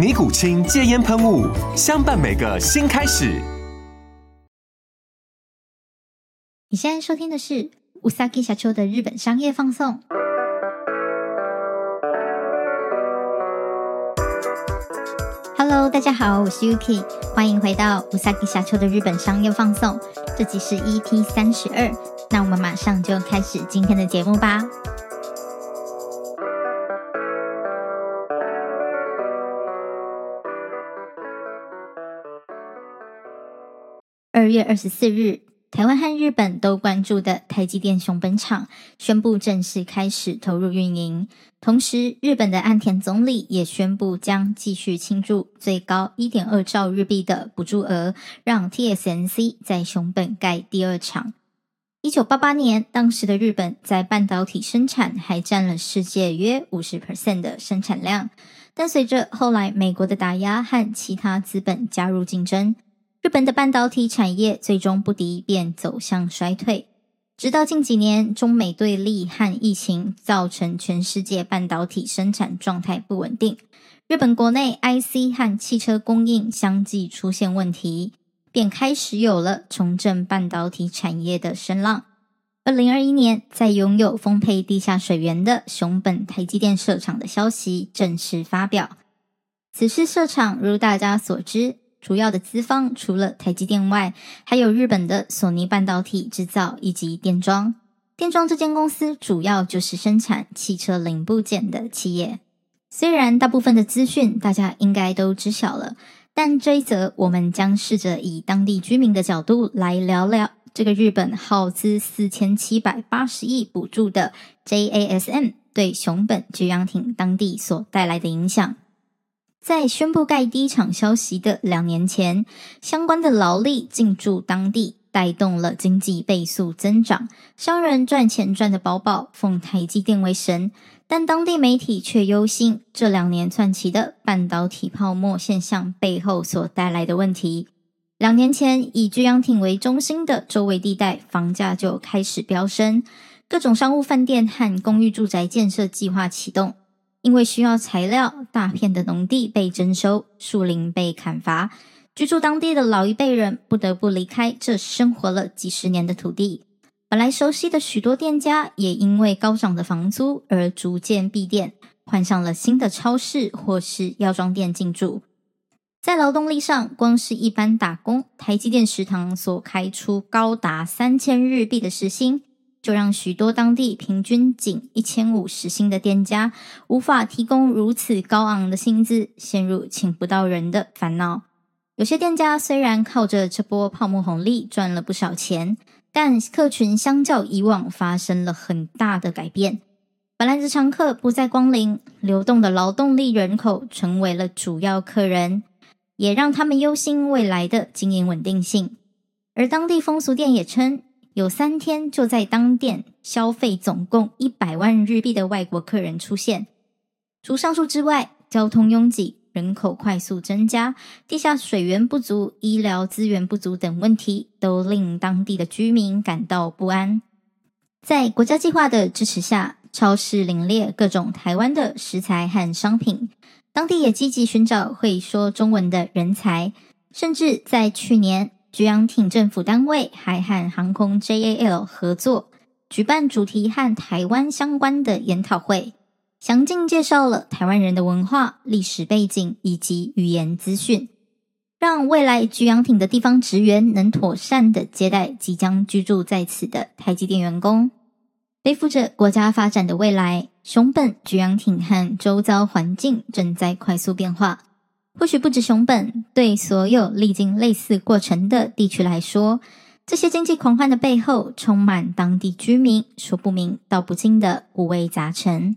尼古清戒煙噴霧，相伴每個新開始。你現在收聽的是うさぎ社長的日本商業放送。Hello，大家好，我是 Yuki，歡迎回到うさぎ社長的日本商業放送。這集是 EP 三十二，那我們馬上就開始今天的節目吧。二月二十四日，台灣和日本都關注的台積電熊本廠宣布正式開始投入運營。同時，日本的岸田總理也宣布將繼續傾注最高一點二兆日幣的補助額，讓 TSMC 在熊本蓋第二廠。一九八八年，當時的日本在半導體生產還占了世界約五十 percent 的生產量，但隨着後來美國的打壓和其他資本加入競爭。日本的半導體產業最終不敵，便走向衰退。直到近幾年，中美對立和疫情造成全世界半導體生產狀態不穩定，日本國內 IC 和汽車供應相繼出現問題，便開始有了重振半導體產業的聲浪。二零二一年，在擁有豐沛地下水源的熊本台積電設廠的消息正式發表。此次設廠，如大家所知。主要的資方除了台積電外，還有日本的索尼半導體制造以及電裝。電裝這間公司主要就是生產汽車零部件的企業。雖然大部分的資訊大家應該都知曉了，但這一則我們將試着以當地居民的角度來聊聊這個日本耗資四千七百八十億補助的 JASM 對熊本菊陽町當地所帶來的影響。在宣布蓋第一廠消息的兩年前，相關的勞力進駐當地，帶動了經濟倍速增長，商人賺錢賺的飽飽，奉台積電為神。但當地媒體卻憂心這兩年竄起的半導體泡沫現象背後所帶來的問題。兩年前，以菊陽町為中心的周圍地帶房價就開始飆升，各種商務飯店和公寓住宅建設計劃啟動。因為需要材料，大片的農地被徵收，樹林被砍伐，居住當地的老一輩人不得不離開這生活了幾十年的土地。本來熟悉的許多店家也因為高漲的房租而逐漸閉店，換上了新的超市或是藥妝店進駐。在勞動力上，光是一般打工，台積電食堂所開出高達三千日幣的時薪。就讓許多當地平均僅一千五十新的店家無法提供如此高昂的薪資，陷入請不到人的煩惱。有些店家雖然靠着這波泡沫紅利賺了不少錢，但客群相較以往發生了很大的改變，本來的常客不再光臨，流動的勞動力人口成為了主要客人，也讓他們憂心未來的經營穩定性。而當地風俗店也稱。有三天就在當店消費總共一百萬日幣的外國客人出現。除上述之外，交通擁擠、人口快速增加、地下水源不足、醫療資源不足等問題，都令當地的居民感到不安。在國家計劃的支持下，超市陳列各種台灣的食材和商品，當地也積極尋找會說中文的人才，甚至在去年。菊陽町政府單位還和航空 JAL 合作，舉辦主題和台灣相關的研討會，詳盡介紹了台灣人的文化、歷史背景以及語言資訊，讓未來菊陽町的地方職員能妥善的接待即將居住在此的台積電員工。背負着國家發展的未來，熊本菊陽町和周遭環境正在快速變化。或許不止熊本，對所有歷經類似過程的地區來說，這些經濟狂歡的背後，充滿當地居民說不明道不盡的五味雜陳。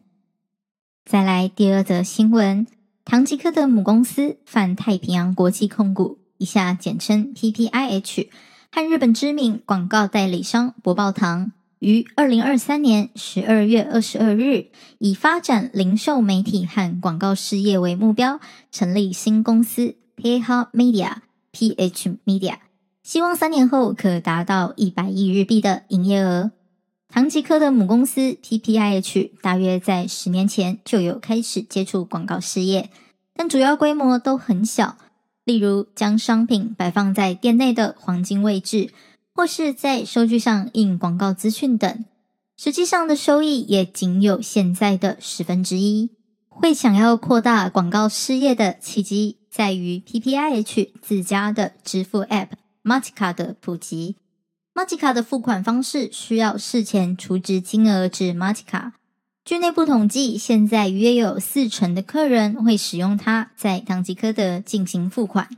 再來第二則新聞，唐吉訶德母公司泛太平洋國際控股（以下簡稱 PPIH） 和日本知名廣告代理商博報堂，於二零二三年十二月二十二日，以發展零售媒體和廣告事業為目標，成立新公司 pHmedia (PH Media)，希望三年後可達到一百億日幣的營業額。唐吉訶德的母公司 PPIH 大約在十年前就有開始接觸廣告事業，但主要規模都很小，例如將商品擺放在店內的黃金位置或是在收據上印廣告資訊等，實際上的收益也僅有現在的十分之一。會想要擴大廣告事業的契機，在於 PPIH 自家的支付 App Matika 的普及。Matika 的付款方式需要事前儲值金額至 Matika。據內部統計，現在約有四成的客人會使用它在唐吉訶德進行付款。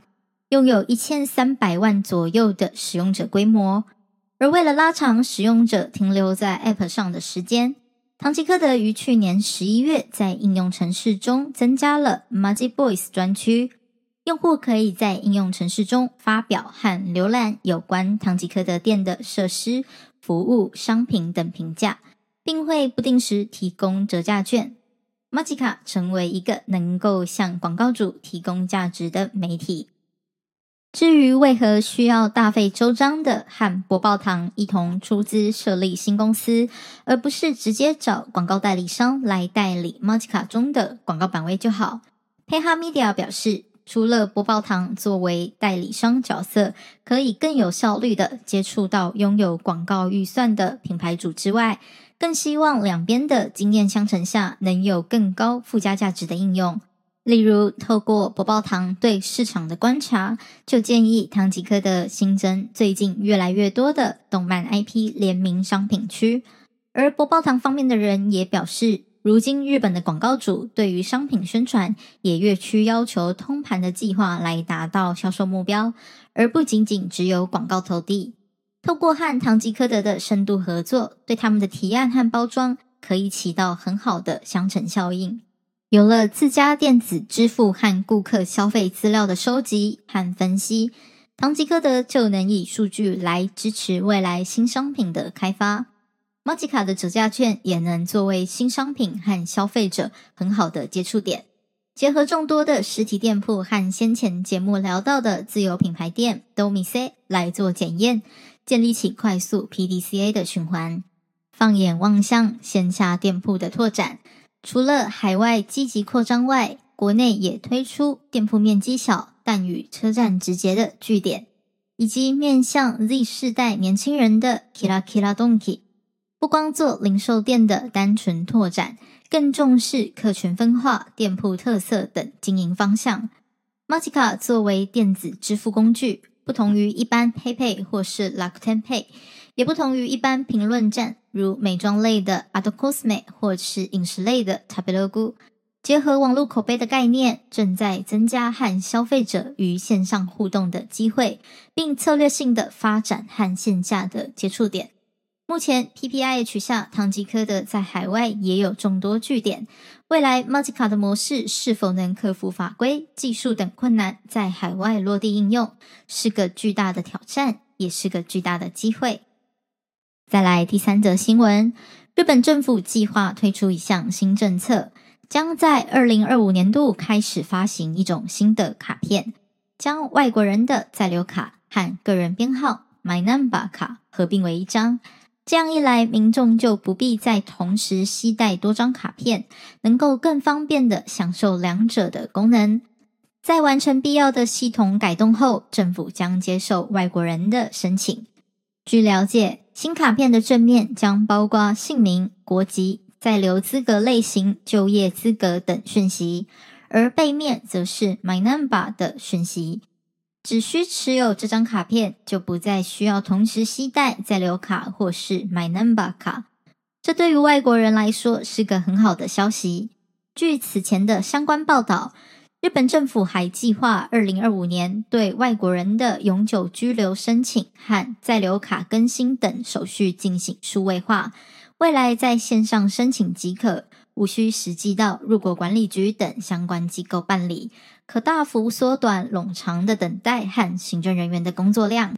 擁有一千三百萬左右的使用者規模，而為了拉長使用者停留在 App 上的時間，唐吉訶德於去年十一月在應用程式中增加了 Magic Boys 專區。用戶可以在應用程式中發表和瀏覽有關唐吉訶德店的設施、服務、商品等評價，並會不定時提供折價券。majica 成為一個能夠向廣告主提供價值的媒體。至於為何需要大費周章的和博報堂一同出資設立新公司，而不是直接找廣告代理商來代理 majica 中的廣告版位就好，pHmedia 表示，除了博報堂作為代理商角色可以更有效率地接觸到擁有廣告預算的品牌主之外，更希望兩邊的經驗相乘下能有更高附加價值的應用。例如，透過博報堂對市場的觀察，就建議唐吉訶德新增最近越來越多的動漫 IP 聯名商品區。而博報堂方面的人也表示，如今日本的廣告主對於商品宣傳也越趨要求通盤的計劃來達到銷售目標，而不僅僅只有廣告投遞。透過和唐吉訶德的深度合作，對他們的提案和包裝可以起到很好的相乘效應。有了自家電子支付和顧客消費資料的收集和分析，唐吉訶德就能以數據來支持未來新商品的開發。majica 的折價券也能作為新商品和消費者很好的接觸點。結合眾多的實體店鋪和先前節目聊到的自有品牌店 Domise 來做檢驗，建立起快速 PDCA 的循環。放眼望向線下店鋪的拓展。除了海外積極擴張外，國內也推出店鋪面積小但與車站直接的據點，以及面向 Z 世代年輕人的 Kira Kira Donki。不光做零售店的單純拓展，更重視客群分化、店鋪特色等經營方向。majica 作為電子支付工具，不同於一般 PayPay 或是楽天 Pay。也不同於一般評論站，如美妝類的 Adcosme 或是飲食類的 Tabelog，結合網絡口碑的概念，正在增加和消費者於線上互動的機會，並策略性的發展和線下的接觸點。目前 PPIH 旗下，唐吉訶德在海外也有眾多據點。未來 majica 的模式是否能克服法規、技術等困難，在海外落地應用，是個巨大的挑戰，也是個巨大的機會。再來第三則新聞：日本政府計劃推出一項新政策，將在二零二五年度開始發行一種新的卡片，將外國人的在留卡和個人編號 （My Number） 卡合併為一張。這樣一來，民眾就不必再同時攜帶多張卡片，能夠更方便地享受兩者的功能。在完成必要的系統改動後，政府將接受外國人的申請。據了解，新卡片的正面將包括姓名、國籍、在留資格類型、就業資格等訊息，而背面則是 My Number 的訊息。只需持有這張卡片，就不再需要同時攜帶在留卡或是 My Number 卡。這對於外國人來說是個很好的消息。據此前的相關報道，日本政府還計劃二零二五年對外國人的永久居留申請和在留卡更新等手續進行數位化，未來在線上申請即可，無需實際到入國管理局等相關機構辦理，可大幅縮短冗長的等待和行政人員的工作量。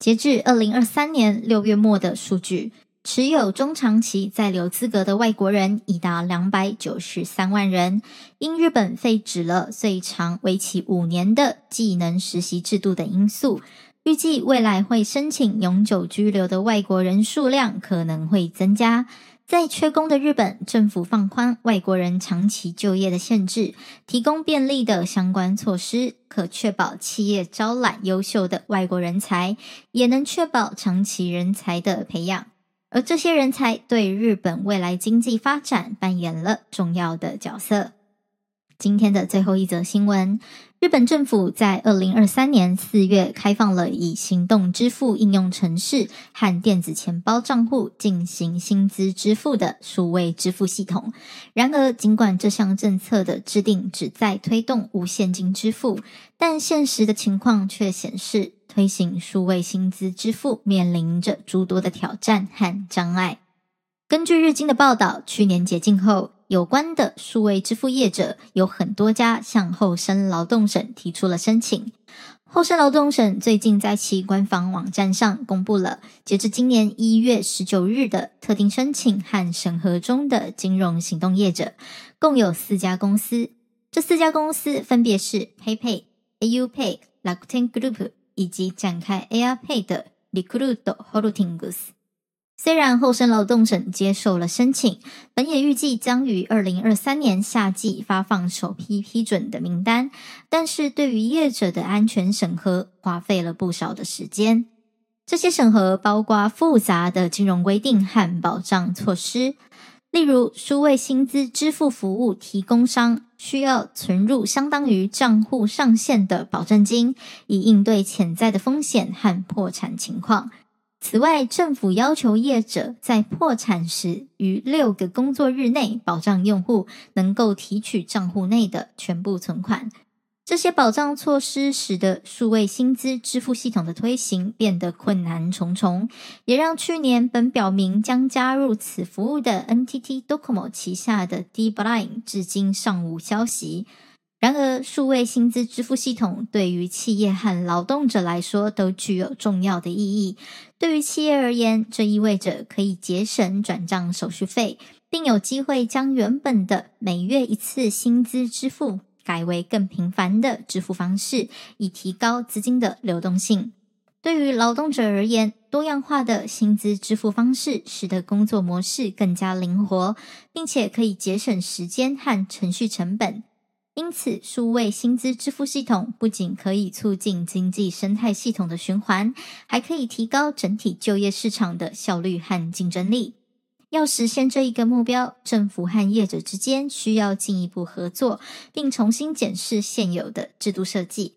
截至二零二三年六月末的數據。持有中長期在留資格的外國人已達兩百九十三萬人。因日本廢止了最長為期五年的技能實習制度等因素，預計未來會申請永久居留的外國人數量可能會增加。在缺工的日本，政府放寬外國人長期就業的限制，提供便利的相關措施，可確保企業招攬優秀的外國人才，也能確保長期人才的培養。而這些人才對日本未來經濟發展扮演了重要的角色。今天的最後一則新聞：日本政府在二零二三年四月開放了以行動支付應用程式和電子錢包賬戶進行薪資支付的數位支付系統。然而，儘管這項政策的制定旨在推動無現金支付，但現實的情況卻顯示，推行數位薪資支付面臨着諸多的挑戰和障礙。根據日經的報道，去年解禁後，有關的數位支付業者有很多家向厚生勞動省提出了申請。厚生勞動省最近在其官方網站上公布了截至今年一月十九日的特定申請和審核中的金融行動業者，共有四家公司。這四家公司分別是 PayPay、AU Pay、Rakuten Group。以及展開 Air Pay 的 Recruit Holdings。雖然厚生勞動省接受了申請，本也預計將於二零二三年夏季發放首批批准的名單，但是對於業者的安全審核花費了不少的時間。這些審核包括複雜的金融規定和保障措施。例如，數位薪資支付服務提供商需要存入相當於賬戶上限的保證金，以應對潛在的風險和破產情況。此外，政府要求業者在破產時，於六個工作日內保障用戶能夠提取賬戶內的全部存款。這些保障措施使得數位薪資支付系統的推行變得困難重重，也讓去年本表明將加入此服務的 NTT Docomo 旗下的 d 払い至今尚無消息。然而，數位薪資支付系統對於企業和勞動者來說都具有重要的意義。對於企業而言，這意味着可以節省轉賬手續費，並有機會將原本的每月一次薪資支付，改為更頻繁的支付方式，以提高資金的流動性。對於勞動者而言，多樣化的薪資支付方式使得工作模式更加靈活，並且可以節省時間和程序成本。因此，數位薪資支付系統不僅可以促進經濟生態系統的循環，還可以提高整體就業市場的效率和競爭力。要實現這一個目標，政府和業者之間需要進一步合作，並重新檢視現有的制度設計。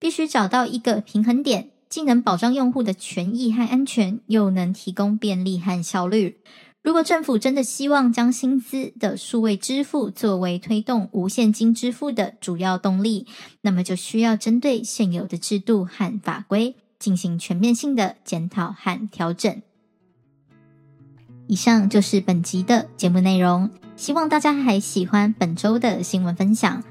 必須找到一個平衡點，既能保障用戶的權益和安全，又能提供便利和效率。如果政府真的希望將薪資的數位支付作為推動無現金支付的主要動力，那麼就需要針對現有的制度和法規，進行全面性的檢討和調整。以上就是本集的節目內容，希望大家還喜歡本周的新聞分享。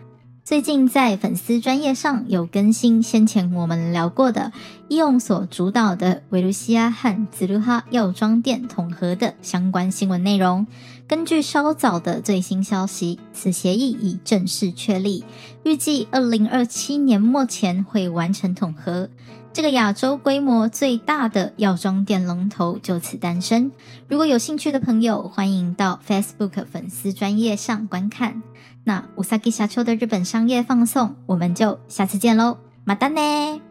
最近在粉絲專頁上有更新，先前我們聊過的醫用所主導的維魯西亞和紫露哈藥妝店統合的相關新聞內容。根據稍早的最新消息，此協議已正式確立，預計二零二七年末前會完成統合。這個亞洲規模最大的藥妝店龍頭就此誕生。如果有興趣的朋友，歡迎到 Facebook 粉絲專頁上觀看。那うさぎ社長的日本商業放送，我們就下次見嘍，またね。